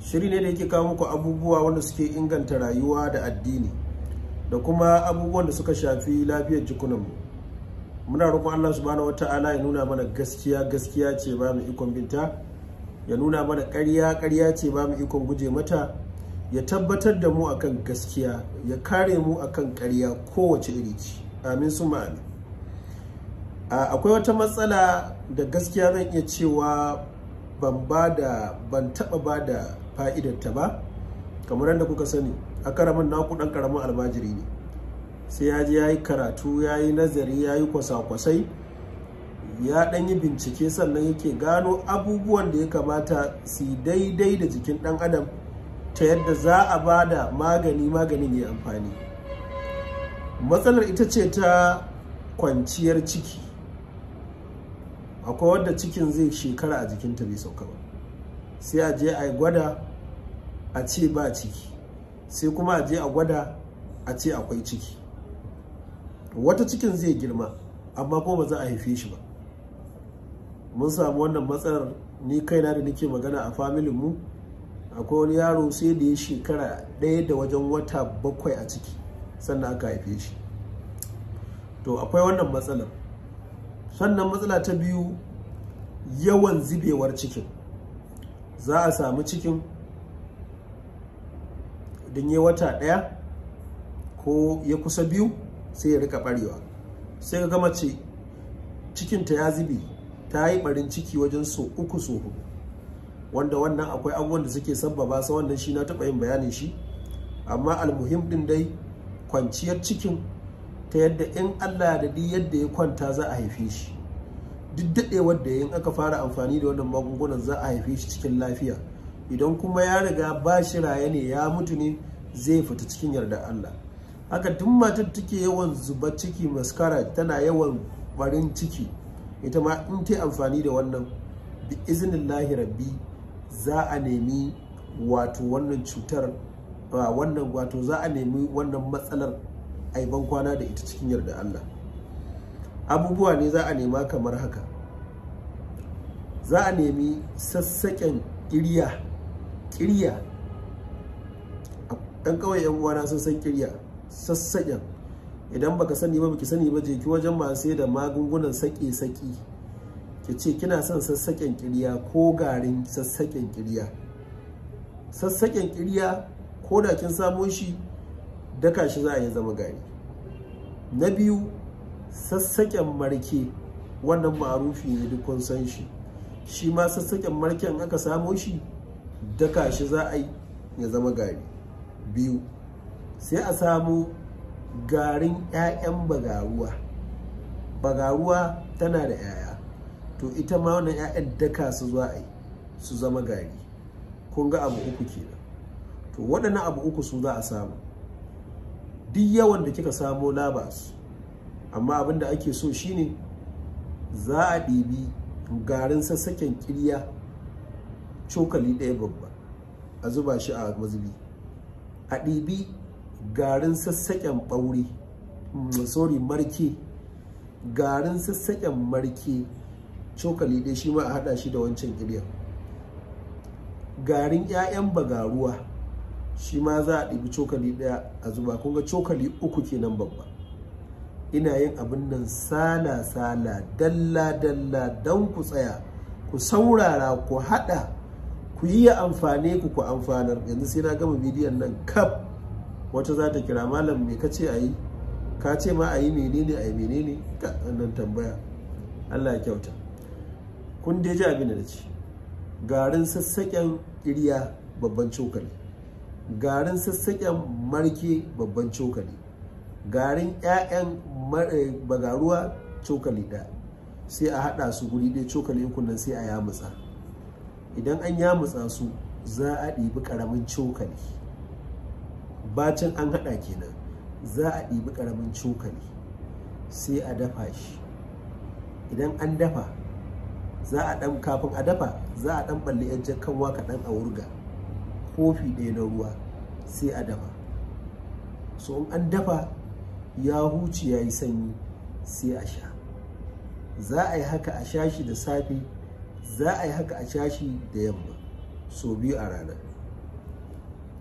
shiri ne da yake kawo muku abubuwa wanda suke inganta rayuwa da addini da kuma abubuwan da suka shafi lafiyar jikunanmu muna roƙon Allah su subhanahu wata'ala ya nuna mana gaskiya gaskiya ce ba mu ikon binta ya nuna mana ƙarya ƙarya ce ba mu ikon guje mata ya tabbatar da mu akan gaskiya ya kare mu akan ƙarya kowace iri ce amin su ma'ani akwai wata matsala da gaskiya zan iya cewa ban ba da taɓa ba da fa'idarta ba kamar yadda kuka sani a karamin naku dan karamin almajiri ne sai ya je ya yi karatu ya yi nazari ya yi kwasa-kwasai ya dan yi bincike sannan yake gano abubuwan da ya kamata su daidai da jikin dan adam ta yadda za a ba da magani maganin ya amfani matsalar ita ce ta kwanciyar ciki akwai wadda cikin zai shekara a jikinta bai sauka ba sai a je a gwada a ce ba ciki sai kuma a je a gwada a ce akwai ciki wata cikin zai girma amma ko ba za a haife shi ba mun samu wannan matsalar ni kaina da nake magana a familin mu akwai wani yaro sai da ya shekara ɗaya da wajen wata bakwai a ciki sannan aka haife shi to akwai wannan matsalar sannan matsala ta biyu yawan zubewar cikin za a samu cikin don yi wata ɗaya ko ya kusa biyu sai ya rika ɓarewa sai ga gama ce cikinta ya zubi ta yi barin ciki wajen so uku so hudu wanda wannan akwai abubuwan da suke sabbaba sa wannan shi na taɓa yin bayanin shi amma almuhim ɗin dai kwanciyar cikin ta yadda in allah da yadda ya kwanta za a haife shi duk daɗewar da yin aka fara amfani da wannan magungunan za a haife shi cikin lafiya idan kuma ya riga ba shi raye ne ya mutu ne zai fita cikin yarda Allah haka tun matar take yawan zuba ciki maskara tana yawan barin ciki ita ma in ta amfani da wannan bi lahi rabbi za a nemi wato wannan cutar wannan wato za a nemi wannan matsalar aiban kwana da ita cikin yarda Allah abubuwa ne za a nema kamar haka za a nemi sassaƙen ƙirya ƙirya ɗan kawai yan uwana na ƙirya sassaƙen idan baka sani ba baki sani ba je ki wajen masu da magungunan saƙe-saƙi ki ce kina son sassaƙen ƙirya ko garin sassaƙen ƙirya sassaƙen ƙirya ko da kin samo shi daka shi za a yi zama gari na biyu sassaƙen marke wannan ma'arufi ne duk kun san shi shi ma sassaƙen marken aka samo shi daka shi za a yi ya zama gari biyu sai a samu garin 'ya'yan bagaruwa bagaruwa tana da 'ya'ya to ita ma wannan 'ya'yan daka su za a yi su zama gari kun ga abu uku kenan to waɗannan abu uku su za a samu duk yawan da kika samo labas amma abin da ake so shine za a ɗibi garin sassaken kirya cokali ɗaya babba a zuba shi a mazubi a ɗibi garin sassaken ɓaure mm, sorry marke garin sassaken marke cokali ɗaya shi ma a haɗa shi da wancan kirya garin 'ya'yan bagaruwa shi ma za a ɗibi cokali ɗaya a zuba kunga cokali uku kenan babba ina yin abin nan sala-sala dalla-dalla don ku tsaya ku saurara ku haɗa ku yi amfani ku ku amfanar yanzu sai na gama bidiyon nan kaf wata za ta kira malam me ka ce a yi ka ce ma a yi menene a menene ka nan tambaya allah ya kyauta kun dai ji abin da na ci garin sassaƙen iriya babban cokali garin sassaƙen marke babban cokali garin 'ya'yan bagaruwa cokali ɗaya sai a haɗa su guri ɗaya cokali uku nan sai a yamutsa idan an yamutsa su za a ɗibi ƙaramin cokali bacin an haɗa kenan za a ɗibi ƙaramin cokali sai a dafa shi idan an dafa za a ɗan kafin a dafa za a ɗan ɓalli 'yan jakkanwa kaɗan a wurga kofi ɗaya na ruwa sai a dafa so in an dafa ya huce ya yi sanyi sai a sha za a yi haka a sha shi da safe za a yi haka a sha shi da yamma so biyu a rana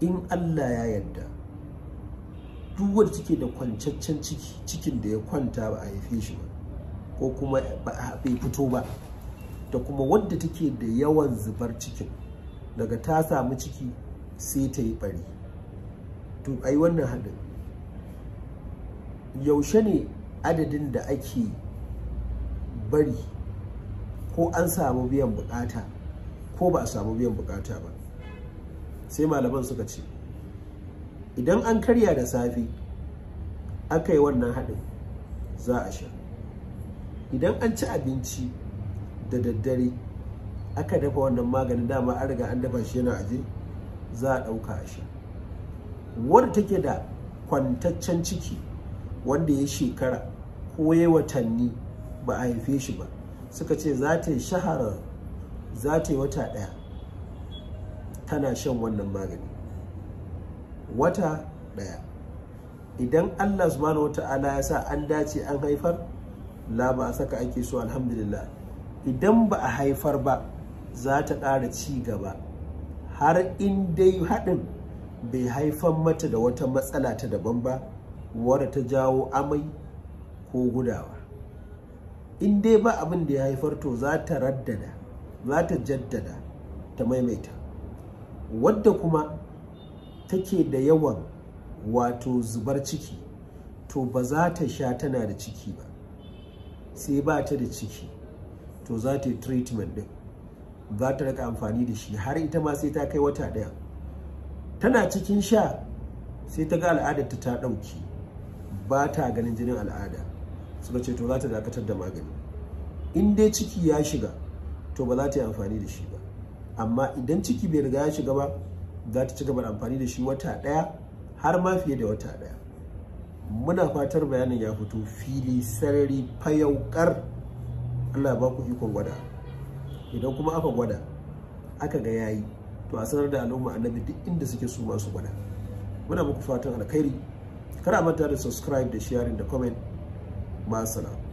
in allah ya yarda duk wanda da kwancaccen ciki cikin da ya kwanta ba a haife shi ba ko kuma bai fito ba da kuma wadda take da yawan zubar cikin daga ta samu ciki sai ta yi bari to ai wannan haɗin yaushe ne adadin da ake bari ko an samu biyan bukata ko ba a samu biyan bukata ba sai malaman suka ce idan an karya da safe aka yi wannan haɗin za a sha idan an ci abinci da daddare aka dafa wannan maganin dama an riga an dafa shi yana aje za a ɗauka a sha wadda take da kwantaccen ciki wanda ya shekara ko ya watanni ba a haife shi ba suka ce za ta yi shahara za ta yi wata ɗaya tana shan wannan magani wata ɗaya idan allah subhanahu wa ta'ala ya sa an dace an haifar la ba a saka ake so alhamdulillah idan ba a haifar ba za ta ƙara ci gaba har in dai haɗin bai haifar mata da wata matsala ta daban ba wadda ta jawo amai ko gudawa in dai ba abin da ya haifar to za ta raddada za ta jaddada ta maimaita wadda kuma take da yawan wato zubar ciki to ba za ta sha tana da ciki ba sai ba ta da ciki to za ta yi treatment din za ta raka amfani da shi har ita ma sai ta kai wata ɗaya tana cikin sha sai ta ga al'adarta ta ɗauki ba ta ganin jinin al'ada suka ce to za ta dakatar da magani in dai ciki ya shiga to ba za ta yi amfani da shi ba amma idan ciki bai riga ya shiga ba za ta ci gaba da amfani da shi wata ɗaya har ma fiye da wata ɗaya muna fatar bayanin ya fito fili sarari fayaukar allah ba ku ikon gwada idan kuma aka gwada aka ga yayi to a sanar da al'umma annabi duk inda suke su masu gwada muna muku fatan alkhairi kada mata da subscribe da sharing da comment ma'asala